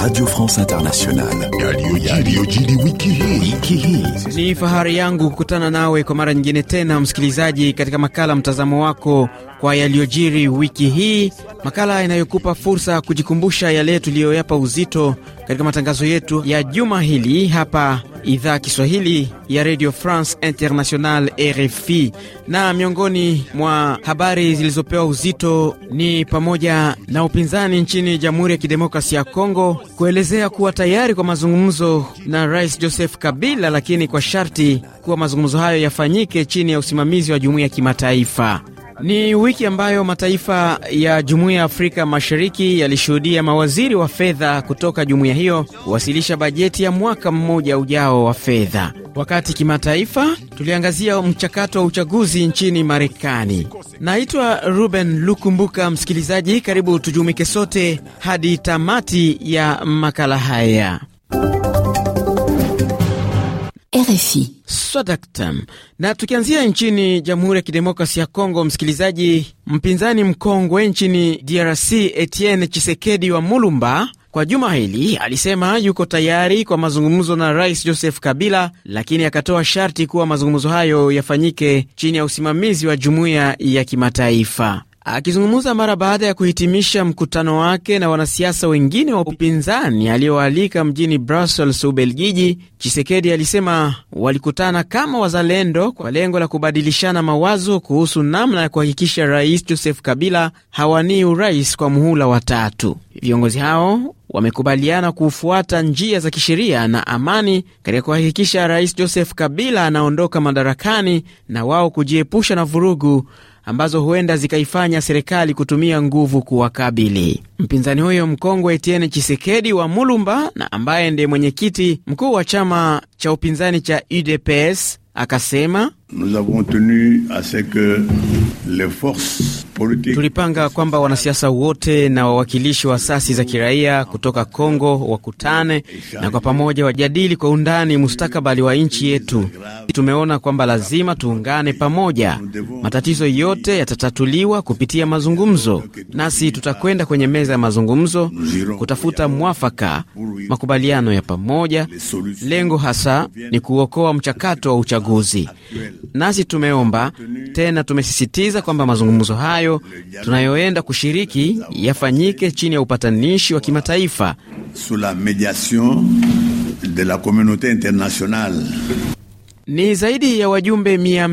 Radio France Internationale. Yaliyojiri wiki hii. Wiki hii. Ni fahari yangu kukutana nawe kwa mara nyingine tena msikilizaji, katika makala mtazamo wako kwa yaliyojiri wiki hii, makala inayokupa fursa kujikumbusha yale tuliyoyapa uzito katika matangazo yetu ya juma hili hapa idhaa Kiswahili ya Radio France International RFI. Na miongoni mwa habari zilizopewa uzito ni pamoja na upinzani nchini Jamhuri ya Kidemokrasia ya Kongo kuelezea kuwa tayari kwa mazungumzo na Rais Joseph Kabila, lakini kwa sharti kuwa mazungumzo hayo yafanyike chini ya usimamizi wa jumuiya ya kimataifa. Ni wiki ambayo mataifa ya Jumuiya ya Afrika Mashariki yalishuhudia mawaziri wa fedha kutoka jumuiya hiyo kuwasilisha bajeti ya mwaka mmoja ujao wa fedha. Wakati kimataifa tuliangazia mchakato wa uchaguzi nchini Marekani. Naitwa Ruben Lukumbuka. Msikilizaji, karibu tujumike sote hadi tamati ya makala haya RFI. Swadaktam. Na tukianzia nchini Jamhuri ya Kidemokrasi ya Kongo, msikilizaji, mpinzani mkongwe nchini DRC Etienne Chisekedi wa Mulumba kwa juma hili alisema yuko tayari kwa mazungumzo na Rais Joseph Kabila, lakini akatoa sharti kuwa mazungumzo hayo yafanyike chini ya usimamizi wa jumuiya ya kimataifa. Akizungumza mara baada ya kuhitimisha mkutano wake na wanasiasa wengine wa upinzani aliyoalika mjini Brussels, Ubelgiji, Chisekedi alisema walikutana kama wazalendo kwa lengo la kubadilishana mawazo kuhusu namna ya kuhakikisha Rais Joseph Kabila hawanii urais kwa muhula wa tatu. Viongozi hao wamekubaliana kufuata njia za kisheria na amani katika kuhakikisha Rais Joseph Kabila anaondoka madarakani na wao kujiepusha na vurugu ambazo huenda zikaifanya serikali kutumia nguvu kuwakabili. Mpinzani huyo mkongwe Etienne Chisekedi wa Mulumba na ambaye ndiye mwenyekiti mkuu wa chama cha upinzani cha UDPS akasema Nous avons tenu à ce que les forces politiques... Tulipanga kwamba wanasiasa wote na wawakilishi wa asasi za kiraia kutoka Kongo wakutane na kwa pamoja wajadili kwa undani mustakabali wa nchi yetu. Tumeona kwamba lazima tuungane pamoja. Matatizo yote yatatatuliwa kupitia mazungumzo, nasi tutakwenda kwenye meza ya mazungumzo kutafuta mwafaka, makubaliano ya pamoja. Lengo hasa ni kuokoa mchakato wa uchaguzi. Nasi tumeomba tena, tumesisitiza kwamba mazungumzo hayo tunayoenda kushiriki yafanyike chini ya upatanishi wa kimataifa. Ni zaidi ya wajumbe mia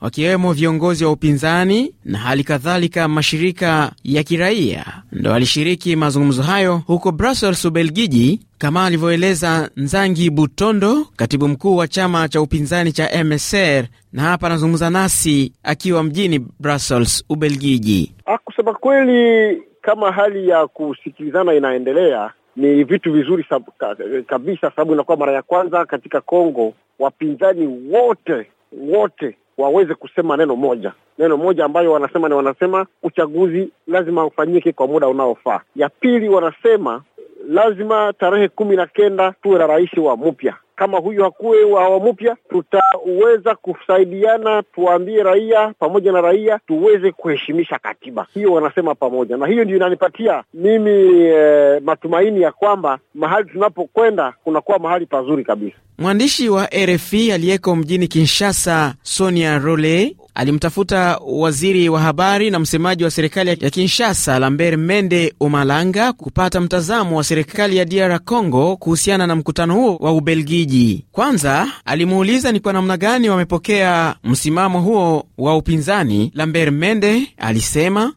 wakiwemo viongozi wa upinzani na hali kadhalika mashirika ya kiraia ndo alishiriki mazungumzo hayo huko Brussels, Ubelgiji, kama alivyoeleza Nzangi Butondo, katibu mkuu wa chama cha upinzani cha MSR, na hapa anazungumza nasi akiwa mjini Brussels, Ubelgiji. Ah, kusema kweli, kama hali ya kusikilizana inaendelea ni vitu vizuri sab, ka, kabisa, sababu inakuwa mara ya kwanza katika Kongo wapinzani wote wote waweze kusema neno moja, neno moja ambayo wanasema ni wanasema uchaguzi lazima ufanyike kwa muda unaofaa. Ya pili wanasema lazima tarehe kumi na kenda tuwe na rais wa mpya kama huyu hakuwe wa awamu mpya, tutaweza kusaidiana, tuwaambie raia pamoja na raia tuweze kuheshimisha katiba hiyo, wanasema pamoja na hiyo, ndio inanipatia mimi e, matumaini ya kwamba mahali tunapokwenda kunakuwa mahali pazuri kabisa. Mwandishi wa RFI aliyeko mjini Kinshasa, Sonia Role, alimtafuta waziri wa habari na msemaji wa serikali ya Kinshasa, Lambert Mende Omalanga, kupata mtazamo wa serikali ya DR Congo kuhusiana na mkutano huo wa Ubelgiji. Kwanza alimuuliza ni kwa namna gani wamepokea msimamo huo wa upinzani. Lambert Mende alisema,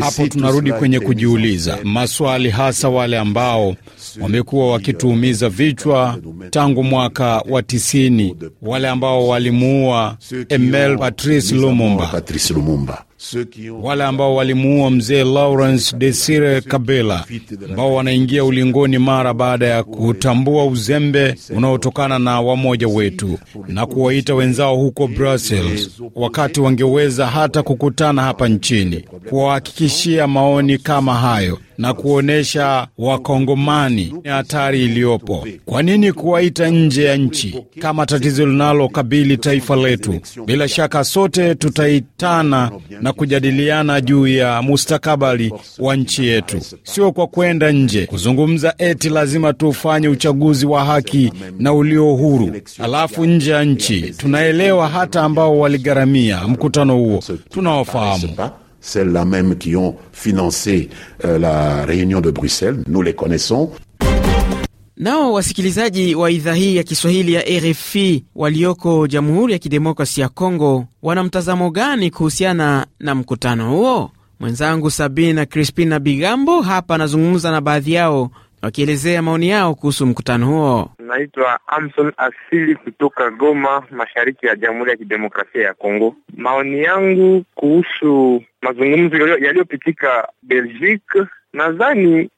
hapo tunarudi kwenye kujiuliza maswali, hasa wale ambao wamekuwa wakituumiza vichwa tangu mwaka wa tisini, wale ambao walimuua Emel Patrice Lumumba, wale ambao walimuua mzee Lawrence Desire Kabila, ambao wanaingia ulingoni mara baada ya kutambua uzembe unaotokana na wamoja wetu na kuwaita wenzao huko Brussels, wakati wangeweza hata kukutana hapa nchini kuwahakikishia maoni kama hayo na kuonyesha Wakongomani ni hatari iliyopo. Kwa nini kuwaita nje ya nchi kama tatizo linalokabili taifa letu? Bila shaka sote tutaitana na kujadiliana juu ya mustakabali wa nchi yetu, sio kwa kwenda nje kuzungumza eti lazima tufanye uchaguzi wa haki na ulio huru, alafu nje ya nchi. Tunaelewa hata ambao waligharamia mkutano huo, tunawafahamu celles-là même qui ont financé euh, la réunion de Bruxelles, nous les connaissons. Nao wasikilizaji wa idhaa hii ya Kiswahili ya RFI walioko Jamhuri ya Kidemokrasi ya Kongo wana mtazamo gani kuhusiana na mkutano huo? Mwenzangu Sabina Crispina Bigambo hapa anazungumza na baadhi yao wakielezea maoni yao kuhusu mkutano huo. Naitwa Amson Asili kutoka Goma, mashariki ya Jamhuri ya Kidemokrasia ya Kongo. Maoni yangu kuhusu mazungumzo yaliyopitika Belgique, nadhani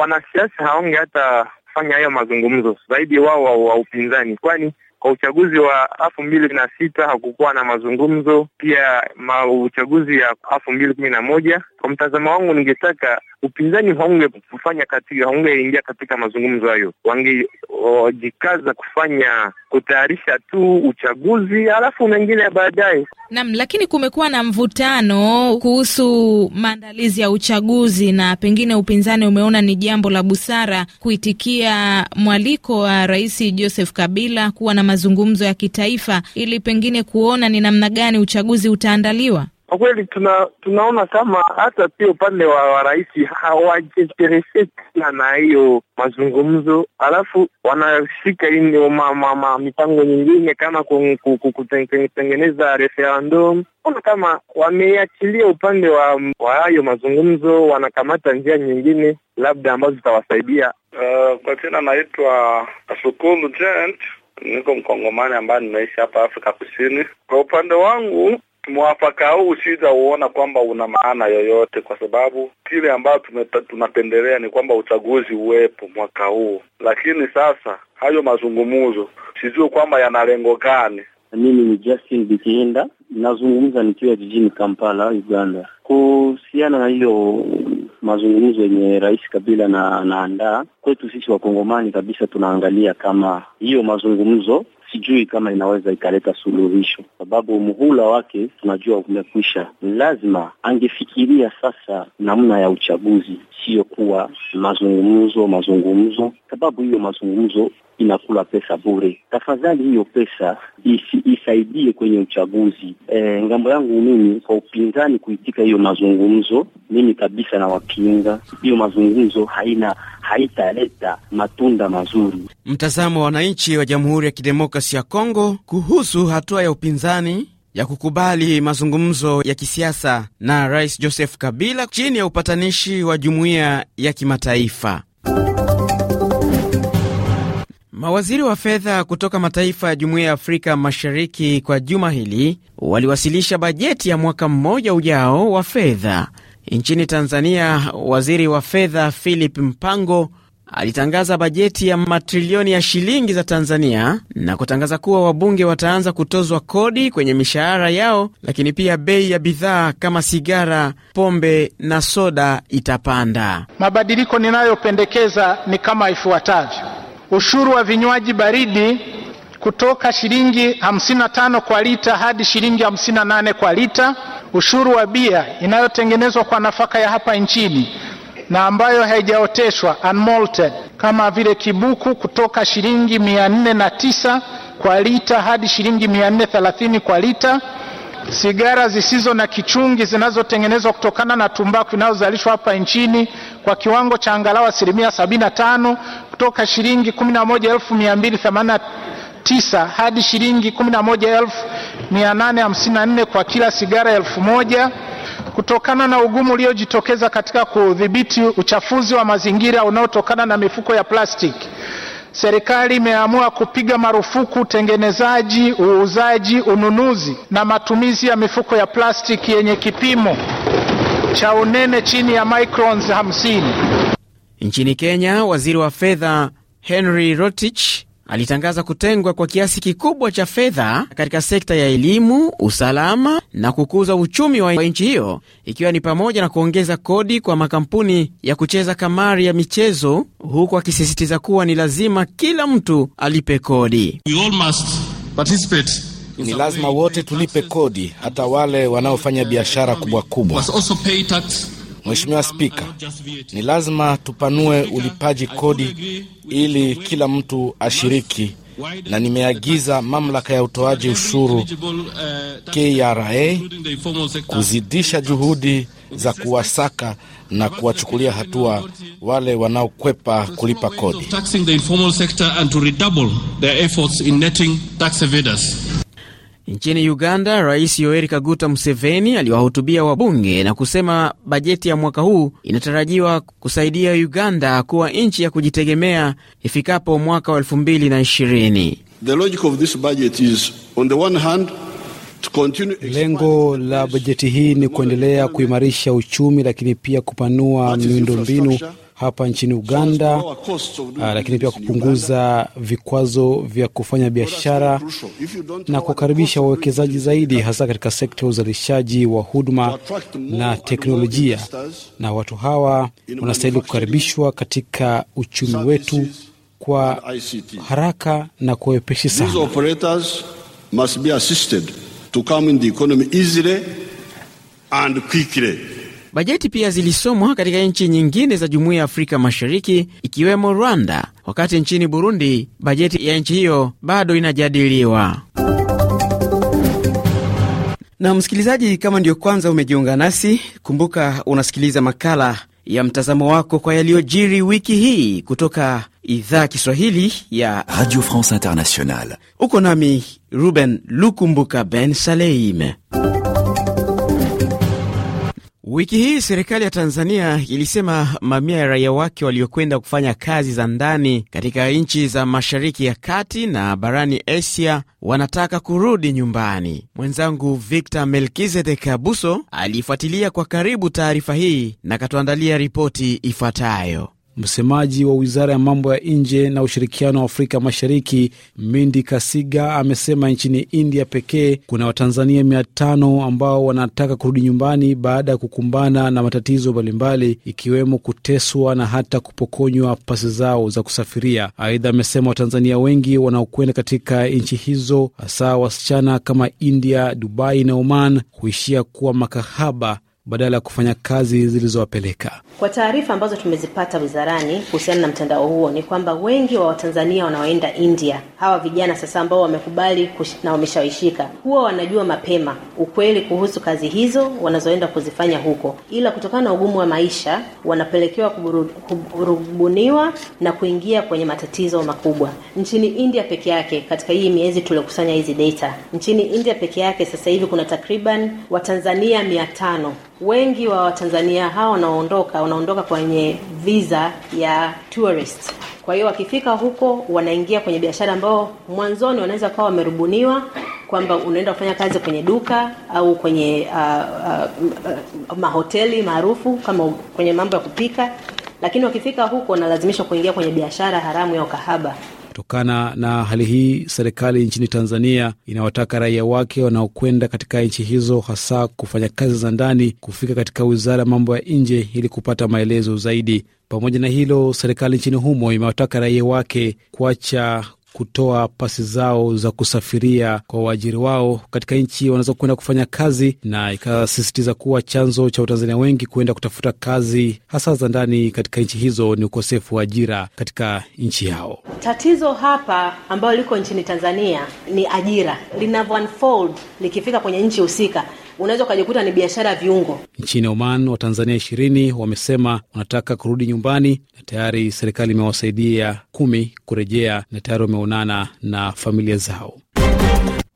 wanasiasa hawange hata fanya hayo mazungumzo zaidi wao wa, wa upinzani, kwani kwa uchaguzi wa elfu mbili na sita hakukuwa na mazungumzo, pia ma uchaguzi ya elfu mbili kumi na moja. Kwa mtazamo wangu, ningetaka upinzani haunge kufanya katika haungeingia katika mazungumzo hayo, wangejikaza kufanya kutayarisha tu uchaguzi alafu mengine baadaye. Naam, lakini kumekuwa na mvutano kuhusu maandalizi ya uchaguzi, na pengine upinzani umeona ni jambo la busara kuitikia mwaliko wa Rais Joseph Kabila kuwa na mazungumzo ya kitaifa ili pengine kuona ni namna gani uchaguzi utaandaliwa kwa kweli tuna, tunaona kama hata pia upande wa rais hawajintereseti na hiyo mazungumzo, alafu wanashika ma, ma, ma, mipango nyingine kama kutengeneza referendum. Ona kama wameachilia upande wa hayo mazungumzo, wanakamata njia nyingine labda ambazo zitawasaidia. Uh, kwa jina naitwa Asukulu Gent, niko mkongomani ambaye ninaishi hapa Afrika Kusini. Kwa upande wangu mwafaka huu sitauona kwamba una maana yoyote, kwa sababu kile ambayo tunapendelea ni kwamba uchaguzi uwepo mwaka huu. Lakini sasa hayo mazungumzo sijui kwamba yana lengo gani. Mimi ni Justin Bikihinda, nazungumza nikiwa jijini Kampala, Uganda, kuhusiana na hiyo mazungumzo yenye Rais Kabila na anaandaa. Kwetu sisi Wakongomani kabisa tunaangalia kama hiyo mazungumzo sijui kama inaweza ikaleta suluhisho, sababu muhula wake tunajua umekwisha. Lazima angefikiria sasa namna ya uchaguzi, sio kuwa mazungumzo mazungumzo, sababu hiyo mazungumzo inakula pesa bure. Tafadhali hiyo pesa isi, isaidie kwenye uchaguzi. E, ngambo yangu mimi kwa upinzani kuitika hiyo mazungumzo, mimi kabisa nawapinga hiyo mazungumzo, haina haitaleta matunda mazuri. Mtazamo wa wananchi wa Jamhuri ya Kidemokrasia Kidemokrasi ya Kongo kuhusu hatua ya upinzani ya kukubali mazungumzo ya kisiasa na Rais Joseph Kabila chini ya upatanishi wa jumuiya ya kimataifa. Mawaziri wa fedha kutoka mataifa ya Jumuiya ya Afrika Mashariki kwa juma hili waliwasilisha bajeti ya mwaka mmoja ujao wa fedha. Nchini Tanzania, waziri wa fedha Philip Mpango alitangaza bajeti ya matrilioni ya shilingi za Tanzania na kutangaza kuwa wabunge wataanza kutozwa kodi kwenye mishahara yao, lakini pia bei ya bidhaa kama sigara, pombe na soda itapanda. Mabadiliko ninayopendekeza ni kama ifuatavyo: ushuru wa vinywaji baridi kutoka shilingi 55 kwa lita hadi shilingi 58 kwa lita. Ushuru wa bia inayotengenezwa kwa nafaka ya hapa nchini na ambayo haijaoteshwa unmalted, kama vile kibuku kutoka shilingi mia nne na tisa kwa lita hadi shilingi mia nne thelathini kwa lita. Sigara zisizo na kichungi zinazotengenezwa kutokana na tumbaku inayozalishwa hapa nchini kwa kiwango cha angalau asilimia sabini na tano kutoka shilingi kumi na moja elfu mia mbili tisa hadi shilingi kumi na moja elfu mia nane hamsini na nne kwa kila sigara elfu moja. Kutokana na ugumu uliojitokeza katika kudhibiti uchafuzi wa mazingira unaotokana na mifuko ya plastiki, serikali imeamua kupiga marufuku utengenezaji, uuzaji, ununuzi na matumizi ya mifuko ya plastiki yenye kipimo cha unene chini ya microns 50. Nchini Kenya, waziri wa fedha Henry Rotich alitangaza kutengwa kwa kiasi kikubwa cha fedha katika sekta ya elimu, usalama na kukuza uchumi wa nchi hiyo, ikiwa ni pamoja na kuongeza kodi kwa makampuni ya kucheza kamari ya michezo, huku akisisitiza kuwa ni lazima kila mtu alipe kodi. Ni lazima wote tulipe kodi, hata wale wanaofanya biashara kubwa kubwa. Mheshimiwa Spika, ni lazima tupanue ulipaji kodi ili kila mtu ashiriki, na nimeagiza mamlaka ya utoaji ushuru KRA kuzidisha juhudi za kuwasaka na kuwachukulia hatua wale wanaokwepa kulipa kodi. Nchini Uganda, Rais Yoweri Kaguta Museveni aliwahutubia wabunge na kusema bajeti ya mwaka huu inatarajiwa kusaidia Uganda kuwa nchi ya kujitegemea ifikapo mwaka wa 2020. Lengo la bajeti hii ni kuendelea kuimarisha uchumi, lakini pia kupanua miundombinu hapa nchini Uganda, uh, lakini pia kupunguza vikwazo vya kufanya biashara na kuwakaribisha wawekezaji zaidi, hasa katika sekta ya uzalishaji wa huduma na teknolojia. Na watu hawa wanastahili kukaribishwa katika uchumi wetu kwa haraka na kwa wepeshi sana. Bajeti pia zilisomwa katika nchi nyingine za Jumuiya ya Afrika Mashariki ikiwemo Rwanda, wakati nchini Burundi bajeti ya nchi hiyo bado inajadiliwa. Na msikilizaji, kama ndiyo kwanza umejiunga nasi, kumbuka unasikiliza makala ya mtazamo wako kwa yaliyojiri wiki hii kutoka idhaa Kiswahili ya Radio France Internationale. Uko nami Ruben Lukumbuka Ben saleime Wiki hii serikali ya Tanzania ilisema mamia ya raia wake waliokwenda kufanya kazi za ndani katika nchi za Mashariki ya Kati na barani Asia wanataka kurudi nyumbani. Mwenzangu Victor Melkizedek Abuso aliifuatilia kwa karibu taarifa hii na katuandalia ripoti ifuatayo. Msemaji wa wizara ya mambo ya nje na ushirikiano wa Afrika Mashariki, Mindi Kasiga, amesema nchini India pekee kuna Watanzania mia tano ambao wanataka kurudi nyumbani baada ya kukumbana na matatizo mbalimbali, ikiwemo kuteswa na hata kupokonywa pasi zao za kusafiria. Aidha, amesema Watanzania wengi wanaokwenda katika nchi hizo, hasa wasichana, kama India, Dubai na Oman, huishia kuwa makahaba badala ya kufanya kazi zilizowapeleka. Kwa taarifa ambazo tumezipata wizarani kuhusiana na mtandao huo ni kwamba wengi wa Watanzania wanaoenda India, hawa vijana sasa ambao wamekubali na wameshawishika, huwa wanajua mapema ukweli kuhusu kazi hizo wanazoenda kuzifanya huko, ila kutokana na ugumu wa maisha wanapelekewa kurubuniwa na kuingia kwenye matatizo makubwa. Nchini India peke yake, katika hii miezi tuliokusanya hizi data, nchini India peke yake sasa hivi kuna takriban Watanzania mia tano wengi wa Watanzania hao wanaoondoka wanaondoka kwenye visa ya tourist. Kwa hiyo wakifika huko wanaingia kwenye biashara ambao mwanzoni wanaweza kuwa wamerubuniwa kwamba unaenda kufanya kazi kwenye duka au kwenye uh, uh, uh, mahoteli maarufu kama kwenye mambo ya kupika, lakini wakifika huko wanalazimishwa kuingia kwenye biashara haramu ya ukahaba. Kutokana na hali hii, serikali nchini Tanzania inawataka raia wake wanaokwenda katika nchi hizo, hasa kufanya kazi za ndani, kufika katika wizara ya mambo ya nje ili kupata maelezo zaidi. Pamoja na hilo, serikali nchini humo imewataka raia wake kuacha kutoa pasi zao za kusafiria kwa waajiri wao katika nchi wanazokwenda kufanya kazi, na ikasisitiza kuwa chanzo cha Watanzania wengi kuenda kutafuta kazi hasa za ndani katika nchi hizo ni ukosefu wa ajira katika nchi yao. Tatizo hapa ambayo liko nchini Tanzania ni ajira linavyo unfold likifika kwenye nchi husika unaweza ukajikuta ni biashara ya viungo. Nchini Oman, Watanzania ishirini wamesema wanataka kurudi nyumbani na tayari serikali imewasaidia kumi kurejea na tayari wameonana na familia zao.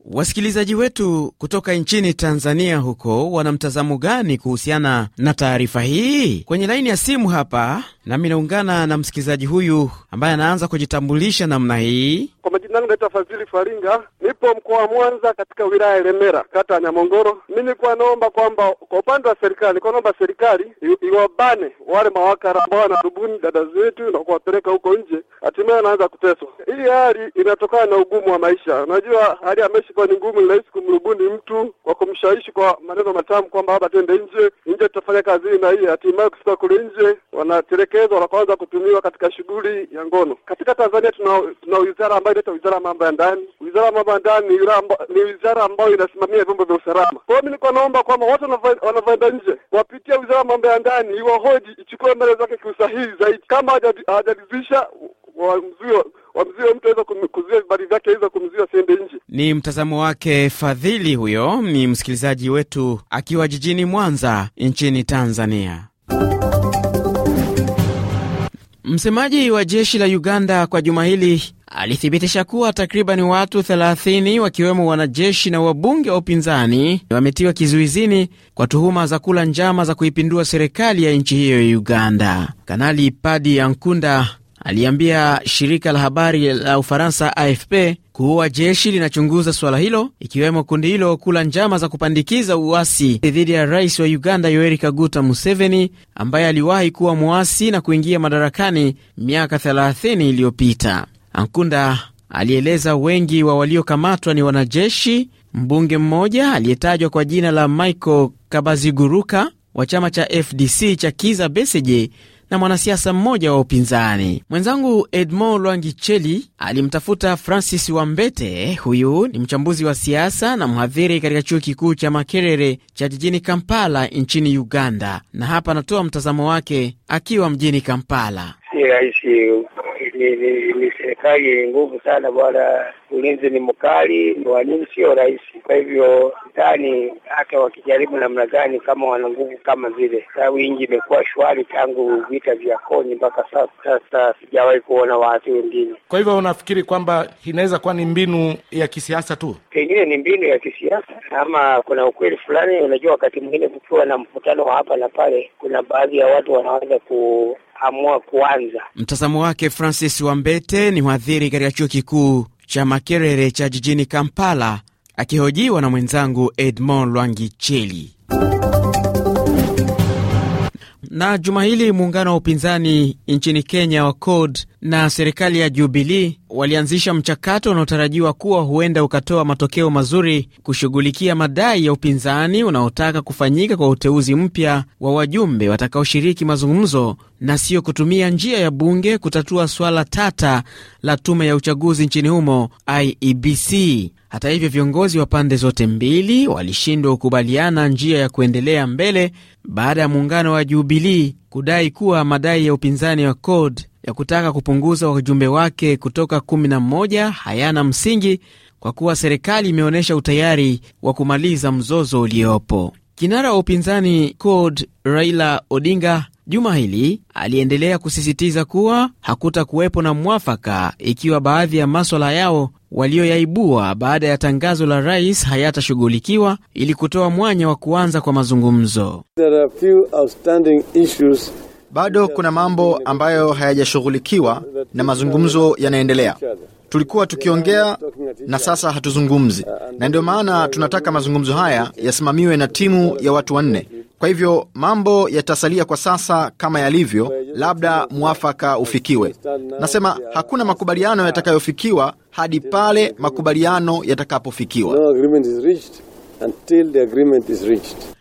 Wasikilizaji wetu kutoka nchini Tanzania huko wana mtazamo gani kuhusiana na taarifa hii? Kwenye laini ya simu hapa nami naungana na msikilizaji huyu ambaye anaanza kujitambulisha namna hii. Kwa majina yangu naitwa Fadhili Faringa, nipo mkoa wa Mwanza katika wilaya ya kata ya Nyamongoro. Mi nilikuwa naomba kwamba kwa upande wa serikali, nilikuwa naomba serikali iwabane wale mawakala ambao wanarubuni dada zetu na kuwapeleka huko nje, hatimaye wanaanza kuteswa. Hii hali inatokana na ugumu wa maisha. Unajua hali ya maisha kwa ni ngumu, ni rahisi kumrubuni mtu kwa kumshawishi kwa maneno matamu kwamba hapa twende nje, nje tutafanya kazi na hii, hatimaye kufika kule nje wanatelekezwa, kuanza kutumiwa katika shughuli ya ngono. Katika Tanzania tuna, tuna wizara ambayo inayoleta wizara ya mambo ya ndani. Wizara ya mambo ya ndani ni wizara ambayo inasimamia vyombo vya usalama. Kwa hiyo nilikuwa naomba kwamba watu wanavyoenda nje wapitia wizara ya mambo ya ndani iwahoji, ichukue mbele zake kiusahihi zaidi, kama hajadizisha wamzuio wamzuio mtu aweza kuzuia vibali vyake aweza kumzuia sende nje. Ni mtazamo wake Fadhili. Huyo ni msikilizaji wetu akiwa jijini Mwanza nchini Tanzania. Msemaji wa jeshi la Uganda kwa juma hili alithibitisha kuwa takriban watu 30 wakiwemo wanajeshi na wabunge wa upinzani wametiwa kizuizini kwa tuhuma za kula njama za kuipindua serikali ya nchi hiyo ya Uganda. Kanali Padi Ankunda aliambia shirika la habari la Ufaransa AFP kuwa jeshi linachunguza suala hilo, ikiwemo kundi hilo kula njama za kupandikiza uasi dhidi ya rais wa Uganda Yoweri Kaguta Museveni ambaye aliwahi kuwa mwasi na kuingia madarakani miaka 30 iliyopita. Ankunda alieleza wengi wa waliokamatwa ni wanajeshi. Mbunge mmoja aliyetajwa kwa jina la Michael Kabaziguruka wa chama cha FDC cha Kiza beseje na mwanasiasa mmoja wa upinzani mwenzangu Edmond Lwangicheli alimtafuta Francis Wambete. Huyu ni mchambuzi wa siasa na mhadhiri katika chuo kikuu cha Makerere cha jijini Kampala nchini Uganda, na hapa anatoa mtazamo wake akiwa mjini Kampala. Si rahisi ni, ni, ni serikali yenye nguvu sana bwana, ulinzi ni mkali, ni wanini sio rahisi. Kwa hivyo dhani hata wakijaribu namna gani, kama wana nguvu kama vile, sababu nchi imekuwa shwari tangu vita vya Konyi mpaka sasa. Sasa sijawahi kuona waasi wengine. Kwa hivyo unafikiri kwamba inaweza kuwa ni mbinu ya kisiasa tu? Pengine ni mbinu ya kisiasa ama kuna ukweli fulani. Unajua, wakati mwingine kukiwa na mkutano wa hapa na pale, kuna baadhi ya watu wanaweza ku amua kuanza. Mtazamo wake Francis Wambete ni mhadhiri katika chuo kikuu cha Makerere cha jijini Kampala, akihojiwa na mwenzangu Edmond Lwangicheli. Na juma hili muungano wa upinzani nchini Kenya wa CORD na serikali ya Jubilee walianzisha mchakato unaotarajiwa kuwa huenda ukatoa matokeo mazuri kushughulikia madai ya upinzani unaotaka kufanyika kwa uteuzi mpya wa wajumbe watakaoshiriki mazungumzo na sio kutumia njia ya bunge kutatua swala tata la tume ya uchaguzi nchini humo IEBC. Hata hivyo, viongozi wa pande zote mbili walishindwa kukubaliana njia ya kuendelea mbele baada ya muungano wa Jubilii kudai kuwa madai ya upinzani wa CORD ya kutaka kupunguza wajumbe wake kutoka 11 hayana msingi kwa kuwa serikali imeonyesha utayari wa kumaliza mzozo uliopo. Kinara wa upinzani CORD Raila Odinga juma hili aliendelea kusisitiza kuwa hakutakuwepo na mwafaka ikiwa baadhi ya maswala yao walioyaibua baada ya tangazo la rais hayatashughulikiwa ili kutoa mwanya wa kuanza kwa mazungumzo bado kuna mambo ambayo hayajashughulikiwa na mazungumzo yanaendelea. Tulikuwa tukiongea na sasa hatuzungumzi, na ndio maana tunataka mazungumzo haya yasimamiwe na timu ya watu wanne. Kwa hivyo mambo yatasalia kwa sasa kama yalivyo, labda mwafaka ufikiwe. Nasema hakuna makubaliano yatakayofikiwa hadi pale makubaliano yatakapofikiwa.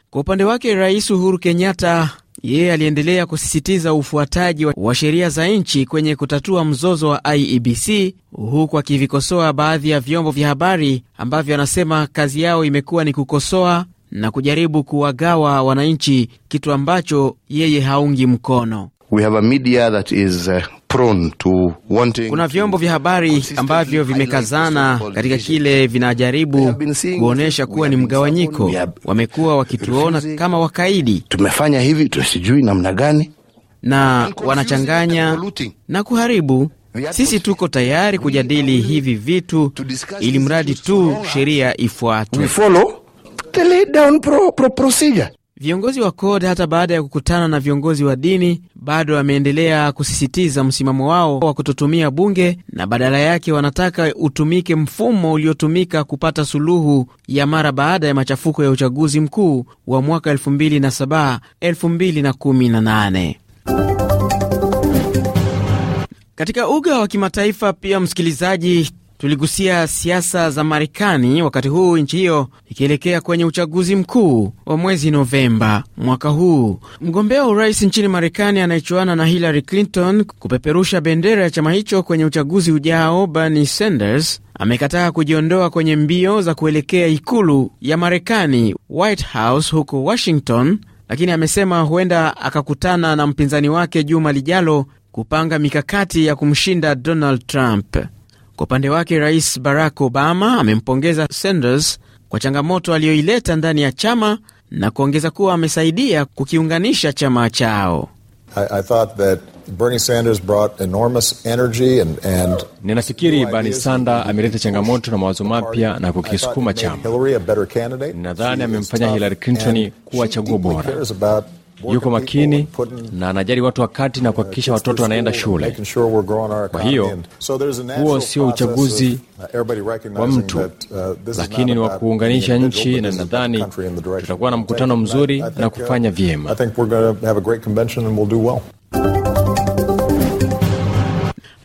Kwa upande wake Rais Uhuru Kenyatta yeye aliendelea kusisitiza ufuataji wa sheria za nchi kwenye kutatua mzozo wa IEBC, huku akivikosoa baadhi ya vyombo vya habari ambavyo anasema kazi yao imekuwa ni kukosoa na kujaribu kuwagawa wananchi, kitu ambacho yeye haungi mkono. We have a media that is, uh, kuna vyombo vya habari ambavyo vimekazana katika kile vinajaribu kuonyesha kuwa ni mgawanyiko. Wamekuwa wakituona kama wakaidi, tumefanya hivi tusijui namna gani, na wanachanganya na kuharibu. Sisi tuko tayari kujadili hivi vitu, ili mradi tu sheria ifuatwe. Viongozi wa CORD hata baada ya kukutana na viongozi wa dini bado wameendelea kusisitiza msimamo wao wa kutotumia bunge na badala yake wanataka utumike mfumo uliotumika kupata suluhu ya mara baada ya machafuko ya uchaguzi mkuu wa mwaka 2007 2018. Katika uga wa kimataifa pia, msikilizaji, Tuligusia siasa za Marekani wakati huu nchi hiyo ikielekea kwenye uchaguzi mkuu wa mwezi Novemba mwaka huu. Mgombea wa urais nchini Marekani anayechuana na Hillary Clinton kupeperusha bendera ya chama hicho kwenye uchaguzi ujao, Bernie Sanders amekataa kujiondoa kwenye mbio za kuelekea ikulu ya Marekani, White House, huko Washington, lakini amesema huenda akakutana na mpinzani wake juma lijalo kupanga mikakati ya kumshinda Donald Trump. Kwa upande wake, Rais Barack Obama amempongeza Sanders kwa changamoto aliyoileta ndani ya chama na kuongeza kuwa amesaidia kukiunganisha chama chao. ninafikiri Bernie Sanders ameleta changamoto na mawazo mapya na kukisukuma chama. Nadhani amemfanya Hillary Clinton kuwa chaguo bora yuko makini na anajali watu wakati na uh, kuhakikisha watoto wanaenda shule. Kwa hiyo huo sio uh, uchaguzi wa mtu, uh, lakini ni wa kuunganisha nchi, na nadhani tutakuwa na mkutano mzuri na kufanya vyema.